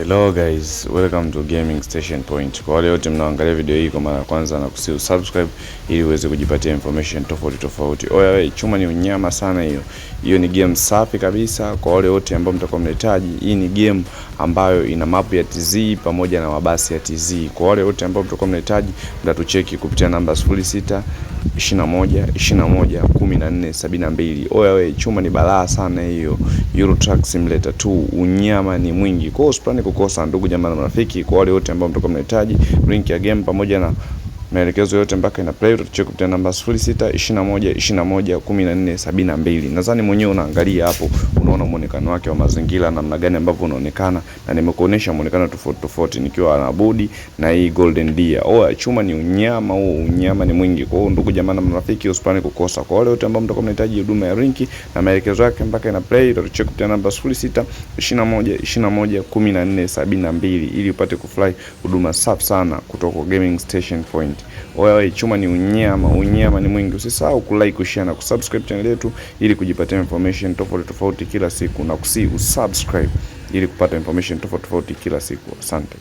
Hello guys, welcome to Gaming Station Point. Kwa wale wote mnaangalia video hii kwa mara ya kwanza, na kusiu subscribe ili uweze kujipatia information tofauti tofauti. Oya wewe, chuma ni unyama sana hiyo. Hiyo ni game safi kabisa. Kwa wale wote ambao mtakuwa mnahitaji, hii ni game ambayo ina mapu ya TZ pamoja na mabasi ya TZ. Kwa wale wote ambao mtakuwa mnahitaji, mtatucheki kupitia namba 06 21 21 14 72. Oya we chuma ni balaa sana hiyo Euro Truck Simulator 2, unyama ni mwingi. Kwa hiyo usipane kukosa, ndugu jamaa na marafiki. Kwa wale wote ambao mtakuwa mnahitaji link ya game pamoja na maelekezo yote mpaka ina play, utatucheki kupitia namba 0621211472. Nadhani mwenyewe unaangalia hapo, unaona muonekano wake wa mazingira namna gani ambavyo unaonekana, na nimekuonesha muonekano tofauti tofauti, nikiwa na bodi na hii golden deer. Oh, chuma ni unyama huo, unyama ni mwingi. Kwa hiyo ndugu jamaa na marafiki, usipane kukosa. Kwa wale wote ambao mtakuwa mnahitaji huduma ya rinki na maelekezo yake mpaka ina play, utatucheki kupitia namba 0621211472 ili upate kufurahi huduma safi sana kutoka Gaming Station Point. Wewe chuma ni unyama, unyama ni mwingi. Usisahau kulike, kushare na kusubscribe channel yetu ili kujipatia information tofauti tofauti kila siku, na kusi usubscribe ili kupata information tofauti tofauti kila siku. Asante.